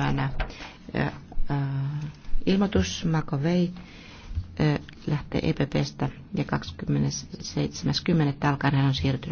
päivänä ilmoitus Makovei lähtee EPPstä ja 27.10. alkaen hän on siirtynyt